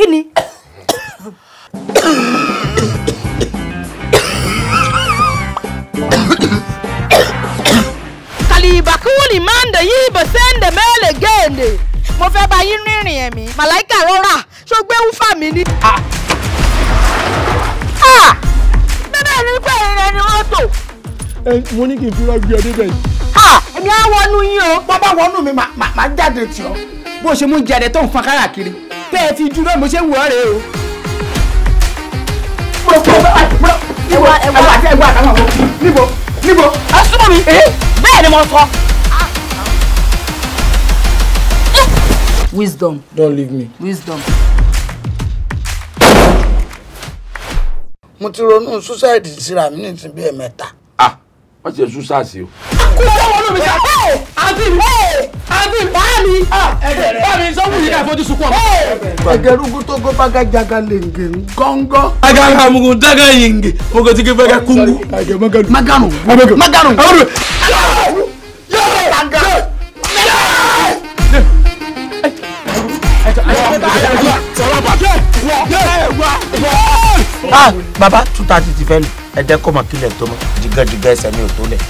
kí ni. kàlìbàkúwìlì máa ń dè yí ibò sẹ́ńdẹ̀ mẹ́lẹ̀ géèdè mo fẹ́ bá yín rìnrìn ẹ̀mí màláìkà rọra ṣó gbé wúfà mi ní. Ah! Ah! bẹ́ẹ̀ ni pé ìrẹ̀ ni wọ́n tò. mo ní kí n fura gbé ọ débẹ̀ ah! èmi á wọnú yín o. bàbá wọnú mi màá jáde tì ọ bó ṣe mú jáde tó ń fọn káyà kiri tẹ́ ẹ fi dúró mo ṣe wù ọ́ rèé o. mo kọ́ ọ́ ẹwà ẹwà àti ẹwà àtàwọn àwọn níbo níbo. ẹ súnmọ́ mi eh? bẹ́ẹ̀ ni mo sọ. wisdom. don't leave me. wisdom. mo ti ronú suicide síra mi ní ti bí ẹ̀mẹ́ta. ah wọ́n ti ṣe suicide sí o. kúrò wọnú mi ká. ká fojú sunkún ọmọ. ẹgẹrugu tó gó bága jaga lenge ngọngọ. agara mugun daga yenge oge ti ke bẹga kungu. maganu maganu. ah baba two thirty ti fẹ́ lù ẹ̀jẹ̀ kọ́ mọ̀ kílẹ̀ tó mọ̀ jìgẹ́jìgẹ́ ẹsẹ̀ mi ò tó lẹ̀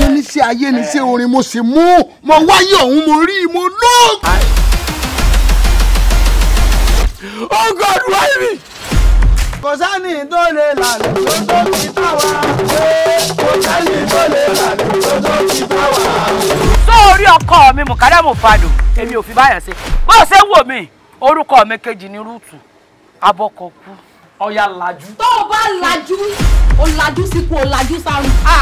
mo ní sí ayé ní sí orin mo sì mú mo wáyé ọ̀hún mo rí mo lóògùn. Oh God, why me? Kò sẹ́ni tó lè lànà tó tó fi bá wa. Kò sẹ́ni tó lè lànà tó tó fi bá wa. Sóòrí ọkọ mi Mùkádàmù Fadò, èmi ò fi báyọ̀ sí. Bó o ṣe ń wò mí, orúkọ mi kejì ni Rúùtù, abọ́kọ̀ kú. Ọya lajú. Tó o bá lajú, o lajú síkú, o lajú sáré. Ah,